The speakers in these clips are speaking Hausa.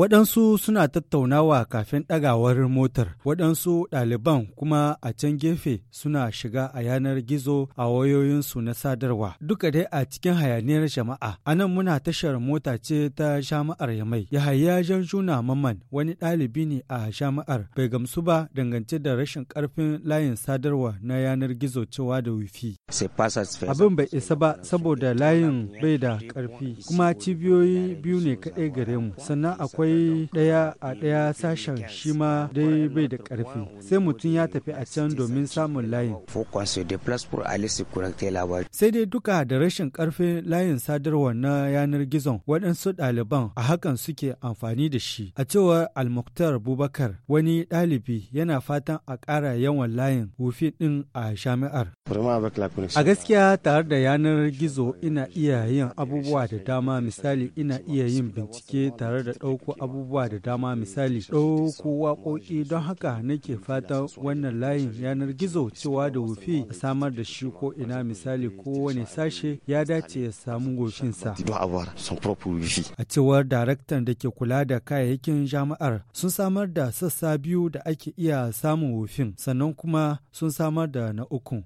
Waɗansu suna tattaunawa kafin ɗagawar motar, waɗansu ɗaliban kuma a can gefe suna shiga a yanar gizo a wayoyinsu na sadarwa. Duka dai a cikin hayaniyar jama'a, a nan muna tashar mota ce ta jami'ar Yamai. Yahaya Janjuna Maman wani ɗalibi ne a jama'ar. bai gamsu ba dangance da rashin ƙarfin layin sadarwa na yanar gizo cewa da wifi. Abin bai isa ba saboda layin bai da ƙarfi, kuma cibiyoyi biyu ne kaɗai gare mu, sannan akwai akwai ɗaya a ɗaya sashen shi ma dai bai da ƙarfi sai mutum ya tafi a can domin samun layin sai dai duka da rashin ƙarfin layin sadarwar na yanar gizon waɗansu ɗaliban a hakan suke amfani da shi a cewar almuktar bubakar wani ɗalibi yana fatan a ƙara yawan layin wufi ɗin a jami'ar a gaskiya tare da yanar gizo ina iya yin abubuwa da dama misali ina iya yin bincike tare da ɗauko abubuwa da dama misali ɗauko waƙoƙi don haka nake fata wannan layin yanar gizo cewa da wufi a samar da shi ko ina misali kowane sashe ya dace ya samu goshinsa. A cewar daraktan da ke kula da kayayyakin jami'ar sun samar da sassa biyu da ake iya samun wufin sannan kuma sun samar da na uku.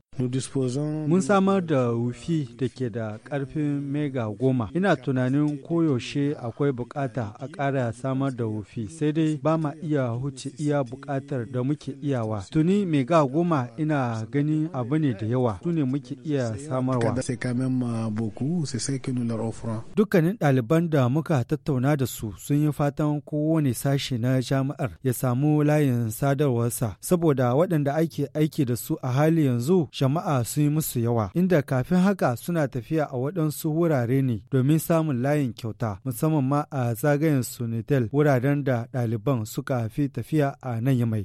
Mun samar da wufi da ke da ƙarfin mega goma. Ina tunanin koyaushe akwai bukata a ƙara samar da wufi sai dai ba ma iya huce iya bukatar da muke iyawa. Tuni mega goma ina gani abu ne da yawa su ne muke iya samarwa. Ah, Dukkanin ɗaliban da muka tattauna da su sun yi fatan kowane sashi na jami'ar ya samu layin sadarwarsa saboda waɗanda ake aiki da su a hali yanzu jama'a sun yi musu yawa, inda kafin haka suna tafiya a waɗansu wurare ne domin samun layin kyauta, musamman ma a zagayen Sunitel wuraren da ɗaliban suka fi tafiya a nan yamai.